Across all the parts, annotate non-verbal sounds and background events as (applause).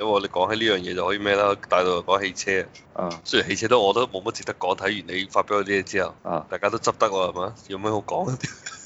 咁你講起呢樣嘢就可以咩啦？大路講汽車，啊、雖然汽車都我都冇乜值得講。睇完你發表我啲嘢之後，啊、大家都執得喎，係嘛？有咩好講啊？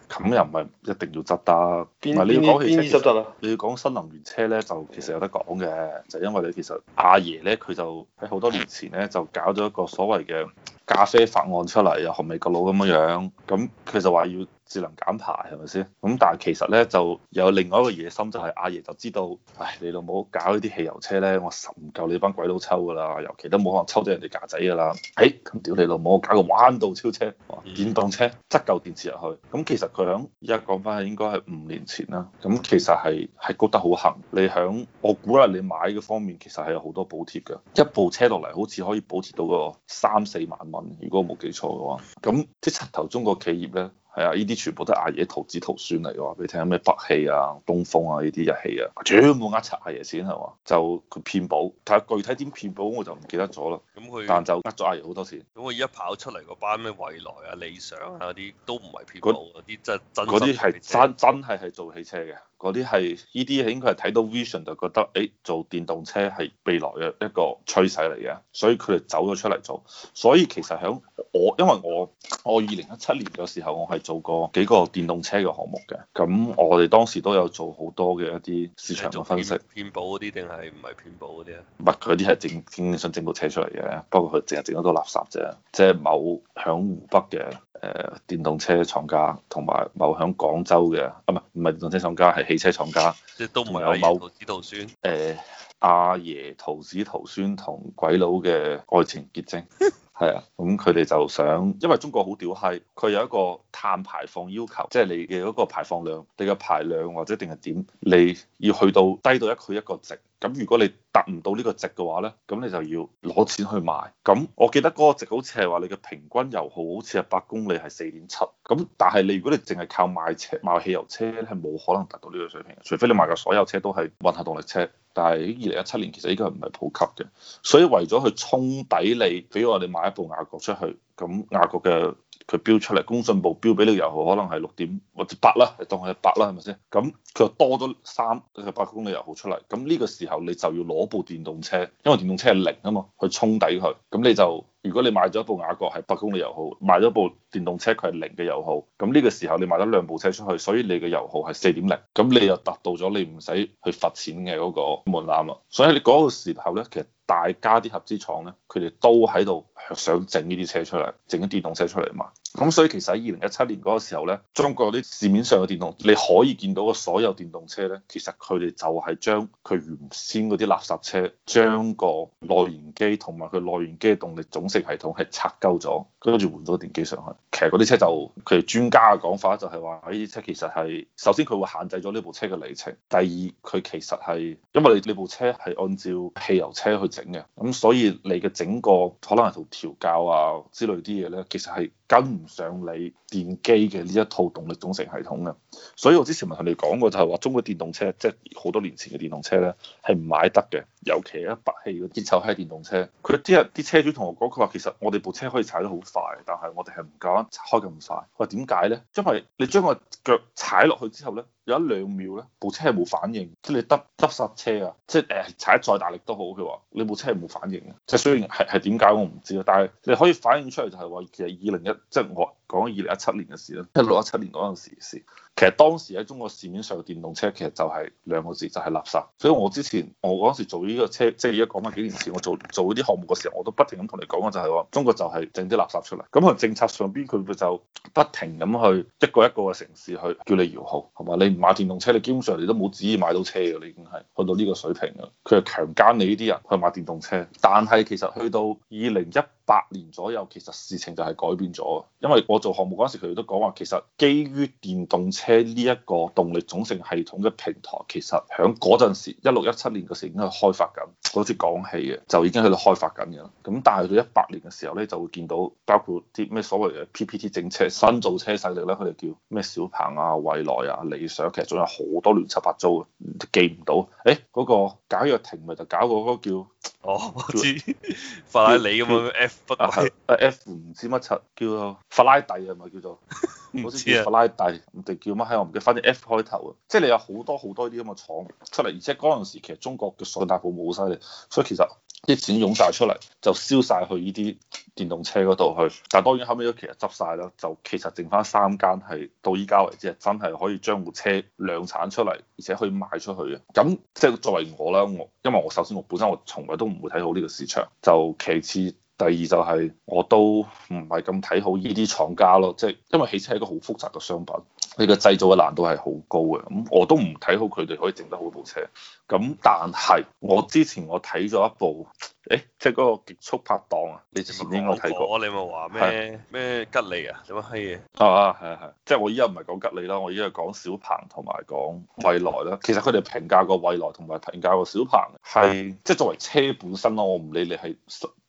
咁又唔係一定要執得，唔係嗱你要講汽車執得啊？你要講新能源車咧，就其實有得講嘅，就因為你其實阿爺咧，佢就喺好多年前咧就搞咗一個所謂嘅咖啡法案出嚟，又紅美國佬咁樣樣，咁佢就話要。智能減排係咪先？咁但係其實咧，就有另外一個野心，就係、是、阿爺就知道，唉，你老母搞呢啲汽油車咧，我唔夠你班鬼佬抽噶啦，尤其都冇可能抽到人哋架仔噶啦。誒、哎，咁屌你老母，搞個彎道超車，電動車塞嚿電池入去。咁其實佢喺而家講翻係應該係五年前啦。咁其實係係覺得好行。你喺我估計，你買嘅方面其實係有好多補貼嘅。一部車落嚟好似可以補貼到個三四萬蚊，如果我冇記錯嘅話。咁啲柒頭中國企業咧。係啊，呢啲全部都係阿爺的徒子徒孫嚟嘅，我話俾你聽，咩北汽啊、東風啊呢啲日企啊，全部呃拆阿爺錢係嘛？就佢騙保，睇下具體點騙保我就唔記得咗啦。咁佢他但就呃咗阿爺好多錢。咁佢依家跑出嚟嗰班咩未來啊、理想啊嗰啲都唔係騙保嗰啲質。啲係那真真係係做汽車嘅，嗰啲係呢啲嘢應該係睇到 Vision 就覺得，誒、欸、做電動車係未來嘅一個趨勢嚟嘅，所以佢哋走咗出嚟做。所以其實響。我因為我我二零一七年嘅時候，我係做過幾個電動車嘅項目嘅，咁我哋當時都有做好多嘅一啲市場嘅分析，騙補嗰啲定係唔係騙補嗰啲啊？唔係嗰啲係整，經想整部車出嚟嘅，不過佢淨係整得多垃圾啫，即係某響湖北嘅誒、呃、電動車廠家，同埋某響廣州嘅，唔係唔係電動車廠家，係汽車廠家，即係都唔係有某子導孫，誒阿爺桃子桃孫同、呃啊、鬼佬嘅愛情結晶。 (laughs) 係啊，咁佢哋就想，因為中國好屌閪，佢有一個碳排放要求，即係你嘅嗰個排放量，你嘅排量或者定係點，你要去到低到一佢一個值。咁如果你達唔到呢個值嘅話咧，咁你就要攞錢去買。咁我記得嗰個值好似係話你嘅平均油耗好似係百公里係四點七。咁但係你如果你淨係靠賣車賣汽油車咧，係冇可能達到呢個水平。除非你賣嘅所有車都係混合動力車，但係喺二零一七年其實依家唔係普及嘅。所以為咗去沖抵你，比如我哋買一部雅閣出去，咁雅閣嘅。佢標出嚟，工信部標俾你嘅油耗可能係六點或者八啦，當佢係八啦，係咪先？咁佢又多咗三，即係八公里油耗出嚟。咁呢個時候你就要攞部電動車，因為電動車係零啊嘛，去沖抵佢。咁你就如果你買咗一部雅閣係八公里油耗，買咗部電動車佢係零嘅油耗，咁呢個時候你買咗兩部車出去，所以你嘅油耗係四點零，咁你又達到咗你唔使去罰錢嘅嗰個門檻啦。所以你嗰個時候咧，其實～大家啲合資廠咧，佢哋都喺度想整呢啲車出嚟，整啲電動車出嚟賣。咁所以其實喺二零一七年嗰個時候咧，中國啲市面上嘅電動你可以見到嘅所有電動車咧，其實佢哋就係將佢原先嗰啲垃圾車將個內燃機同埋佢內燃機動力總成系統係拆鳩咗，跟住換咗電機上去。其實嗰啲車就，佢哋專家嘅講法就係話呢啲車其實係首先佢會限制咗呢部車嘅里程，第二佢其實係因為你呢部車係按照汽油車去整嘅，咁所以你嘅整個可能係同調教啊之類啲嘢咧，其實係跟唔。上你電機嘅呢一套動力總成系統嘅。所以我之前咪同你講過，就係話中國電動車，即係好多年前嘅電動車咧，係唔買得嘅。尤其咧，北汽嘅節奏，就係電動車。佢啲日啲車主同我講，佢話其實我哋部車可以踩得好快，但係我哋係唔夠膽踩開咁快。佢話點解咧？因為你將個腳踩落去之後咧，有一兩秒咧，部車係冇反應，即係你得得塞車啊，即係誒踩再大力都好，佢話你部車係冇反應嘅。即係雖然係係點解我唔知啊，但係你可以反映出嚟就係話其實二零一即係我。講二零一七年嘅事咧，一六一七年嗰陣時事，其實當時喺中國市面上嘅電動車其實就係兩個字，就係垃圾。所以我之前我嗰陣時做呢個車，即係而家講翻幾年前，我做做啲項目嘅時候，我都不停咁同你講嘅就係話，中國就係整啲垃圾出嚟。咁可能政策上邊佢佢就不停咁去一個一個嘅城市去叫你搖號，係嘛？你唔買電動車，你基本上你都冇旨意買到車嘅，你已經係去到呢個水平啦。佢係強姦你呢啲人去買電動車，但係其實去到二零一。八年左右，其實事情就係改變咗。因為我做項目嗰陣時，佢哋都講話，其實基於電動車呢一個動力總成系統嘅平台，其實喺嗰陣時，一六一七年嗰時已經係開發緊。嗰次講起嘅，就已經喺度開發緊嘅啦。咁但係到一八年嘅時候咧，就會見到包括啲咩所謂嘅 PPT 政策，新造車勢力咧，佢哋叫咩小鵬啊、未來蔚來啊、理想，其實仲有好多亂七八糟嘅，記唔到。誒、欸，嗰、那個解約停賈躍亭咪就搞個嗰個叫哦，我知叫 (laughs) 法拉利咁樣 F 不、啊、f 唔知乜七，叫法拉第係咪叫做？ (laughs) 好似叫法拉第唔定叫乜閪我唔記得，反正 F 開頭啊，即係你有好多好多啲咁嘅廠出嚟，而且嗰陣時其實中國嘅信貸好冇犀利，所以其實啲錢湧曬出嚟就燒晒去呢啲電動車嗰度去，但係當然後尾都其實執晒啦，就其實剩翻三間係到依家為止真係可以將部車量產出嚟，而且可以賣出去嘅。咁即係作為我啦，我因為我首先我本身我從來都唔會睇好呢個市場，就其次。第二就係、是、我都唔係咁睇好呢啲廠家咯，即、就、係、是、因為汽車係一個好複雜嘅商品，呢個製造嘅難度係好高嘅，咁我都唔睇好佢哋可以整得好部車。咁但係我之前我睇咗一部。誒，即係嗰個極速拍檔啊！你之前應該睇過，我你冇話咩咩吉利啊？咁啊閪嘢啊！係啊係、啊啊，即係我依家唔係講吉利啦，我依家講小鵬同埋講蔚來啦。其實佢哋評價過蔚來同埋評價過小鵬係、啊、即係作為車本身咯，我唔理你係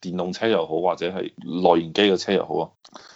電動車又好，或者係內燃機嘅車又好啊。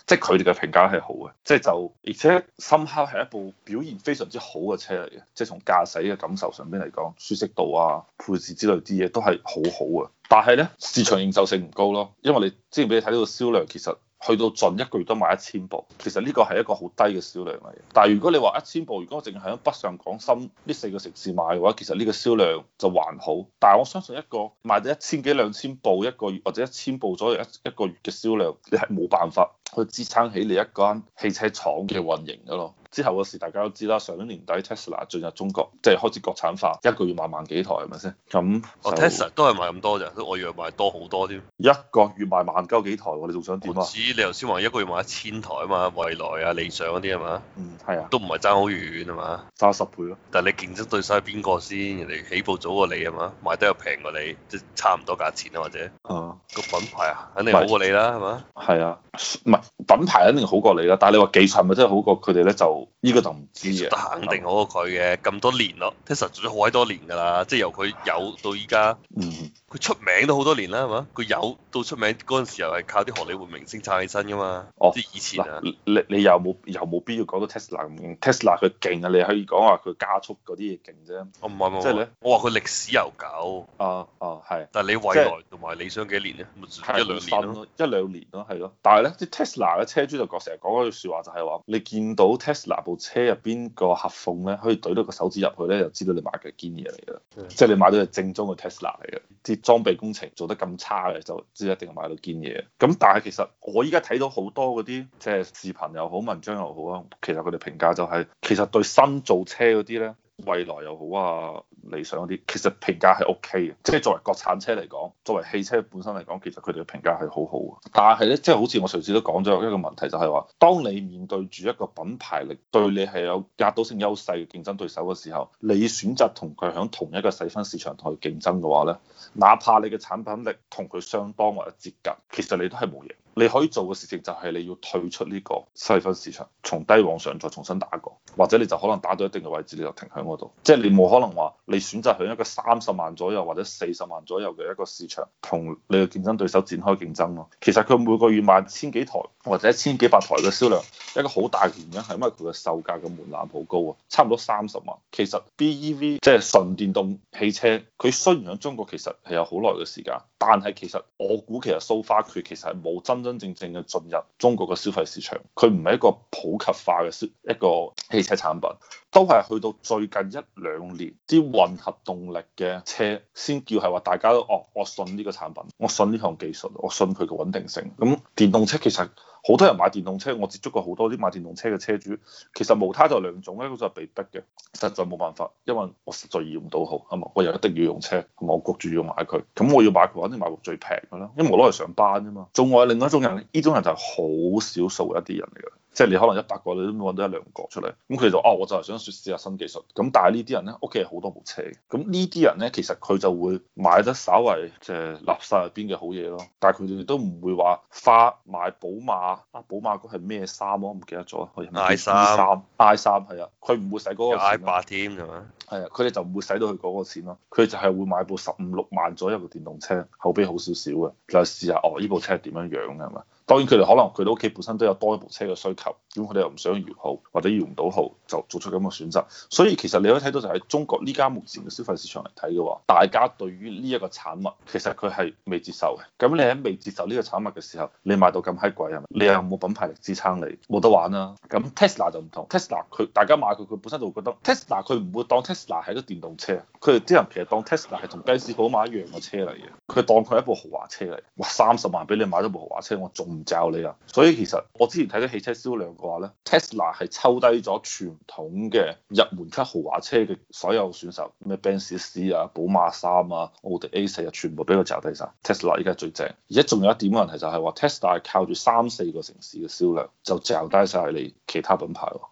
即係佢哋嘅評價係好嘅，即係就而且深刻係一部表現非常之好嘅車嚟嘅。即係從駕駛嘅感受上邊嚟講，舒適度啊、配置之類啲嘢都係好好啊。但係咧，市場認受性唔高咯，因為你之前俾你睇到個銷量，其實去到盡一個月都賣一千部，其實呢個係一個好低嘅銷量嚟嘅。但係如果你話一千部，如果淨係喺北上廣深呢四個城市賣嘅話，其實呢個銷量就還好。但係我相信一個賣咗一千幾兩千部一個月，或者一千部左右一一個月嘅銷量，你係冇辦法去支撐起你一間汽車廠嘅運營嘅咯。之後嘅事大家都知啦，上年年底 Tesla 進入中國，即係開始國產化，一個月賣萬幾台係咪先？咁，我 Tesla 都係賣咁多啫，所以我以為賣多好多添，一個月賣萬鳩幾台喎，你仲想點啊？唔知你頭先話一個月賣一千台啊嘛，未來啊、理想嗰啲係咪，嗯，係啊，都唔係爭好遠係嘛？差十倍咯。但係你競爭對手係邊個先？人哋起步早過你係嘛？賣得又平過你，即係差唔多價錢啊，或者，啊，個品牌啊，肯定好過你啦，係嘛？係啊，唔係品牌肯定好過你啦是、啊，但係你話技術係咪真係好過佢哋咧？就呢、嗯、個就唔知啊，肯定好過佢嘅咁多年咯。其實 Tesla、嗯、做咗好鬼多年噶啦，即係由佢有到依家。嗯。佢出名都好多年啦，係嘛？佢有到出名嗰陣時，又係靠啲荷里活明星撐起身㗎嘛。哦，即係以前、啊、你你有有又冇又冇必要講到 Tesla。Tesla 佢勁啊，你可以講話佢加速嗰啲嘢勁啫。哦，唔係即係咧，我話佢歷史悠久。啊啊、哦，係、哦。但係你蔚來同埋理想幾年咧、哦？一兩年咯，一兩年咯，係咯。但係咧，即 Tesla 嘅車主常常就講成日講嗰句説話，就係話你見到 Tesla 部車入邊個合縫咧，可以㨃到個手指入去咧，就知道你買嘅係堅嘢嚟啦。即係的的你買到係正宗嘅 Tesla 嚟嘅。啲裝備工程做得咁差嘅，就知一定買到堅嘢。咁但係其實我依家睇到好多嗰啲即係視頻又好、文章又好啊，其實佢哋評價就係、是、其實對新造車嗰啲咧，未來又好啊。理想嗰啲其實評價係 O K 嘅，即係作為國產車嚟講，作為汽車本身嚟講，其實佢哋嘅評價係好好嘅。但係咧，即係好似我上次都講咗一個問題，就係話，當你面對住一個品牌力對你係有壓倒性優勢嘅競爭對手嘅時候，你選擇同佢喺同一個細分市場同佢競爭嘅話咧，哪怕你嘅產品力同佢相當或者接近，其實你都係冇贏。你可以做嘅事情就係你要退出呢個細分市場，從低往上再重新打過，或者你就可能打到一定嘅位置你就停喺嗰度，即係你冇可能話。你選擇喺一個三十萬左右或者四十萬左右嘅一個市場同你嘅競爭對手展開競爭咯。其實佢每個月賣千幾台或者一千幾百台嘅銷量，一個好大嘅原因係因為佢嘅售價嘅門檻好高啊，差唔多三十萬。其實 BEV 即係純電動汽車，佢雖然喺中國其實係有好耐嘅時間，但係其實我估其實 so far 佢其實係冇真真正正嘅進入中國嘅消費市場。佢唔係一個普及化嘅一個汽車產品，都係去到最近一兩年啲。混合動力嘅車先叫係話大家都哦，我信呢個產品，我信呢項技術，我信佢個穩定性。咁電動車其實好多人買電動車，我接觸過好多啲買電動車嘅車主，其實無他就兩種咧，一個就係被逼嘅，實在冇辦法，因為我實在用唔到好，係嘛，我又一定要用車，同埋我焗住要買佢，咁我要買佢，肯定買部最平嘅啦，因為我攞嚟上班啫嘛。仲有另外一種人，呢種人就係好少數一啲人嚟嘅。即係你可能一百個你都揾到一兩個出嚟，咁佢就啊、哦、我就係想試下新技術，咁但係呢啲人咧屋企係好多部車，咁呢啲人咧其實佢就會買得稍微即係、就是、垃圾入邊嘅好嘢咯，但係佢哋都唔會話花買寶馬啊，寶馬嗰係咩衫我唔記得咗，I 二三，I 三係啊，佢唔會使嗰個 I 八添係咪？係啊，佢哋就唔會使到佢嗰個錢咯，佢哋 I 8 就係會，會，會買部十五六萬左右嘅電動車，口碑好少少嘅，就係、是、試下哦呢部車係點樣樣嘅係咪？當然佢哋可能佢哋屋企本身都有多一部車嘅需求，咁佢哋又唔想搖號或者搖唔到號，就做出咁嘅選擇。所以其實你可以睇到就係中國而家目前嘅消費市場嚟睇嘅話，大家對於呢一個產物其實佢係未接受嘅。咁你喺未接受呢個產物嘅時候，你賣到咁閪貴係咪？你又有冇品牌力支撐你？冇得玩啦、啊。咁 Tesla 就唔同，Tesla 佢大家買佢，佢本身就會覺得 Tesla 佢唔會當 Tesla 係個電動車，佢哋啲人其實當 Tesla 係同雞屎寶馬一樣嘅車嚟嘅，佢當佢係一部豪華車嚟。哇！三十萬俾你買咗部豪華車，我仲～罩你啊！所以其實我之前睇到汽車銷量嘅話咧，Tesla 係抽低咗傳統嘅入門級豪華車嘅所有選手，咩 Benz C 啊、寶馬三啊、奧迪 A 四啊，全部俾佢罩低晒。Tesla 依家最正，而且仲有一點問題就係話 Tesla 係靠住三四個城市嘅銷量就罩低晒你其他品牌。